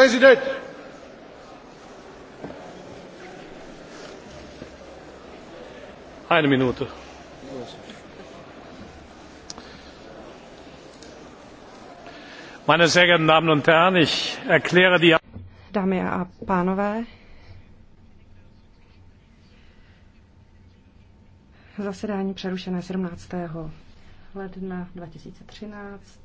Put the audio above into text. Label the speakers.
Speaker 1: prezident.
Speaker 2: Eine Minute. Meine sehr geehrten Damen und Herren, ich erkläre die.
Speaker 3: Dámy a pánové, zasedání přerušené 17.
Speaker 4: ledna 2013